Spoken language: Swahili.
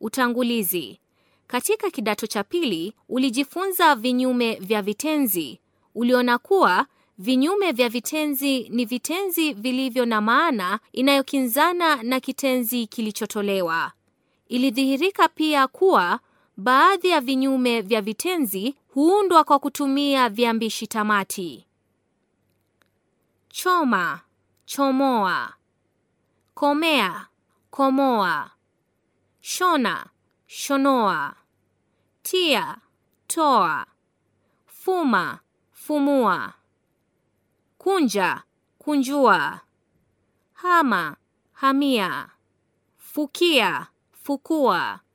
Utangulizi. Katika kidato cha pili ulijifunza vinyume vya vitenzi. Uliona kuwa vinyume vya vitenzi ni vitenzi vilivyo na maana inayokinzana na kitenzi kilichotolewa. Ilidhihirika pia kuwa baadhi ya vinyume vya vitenzi huundwa kwa kutumia viambishi tamati. Choma, chomoa. Komea, komoa. Shona, shonoa. Tia, toa. Fuma, fumua. Kunja, kunjua. Hama, hamia. Fukia, fukua.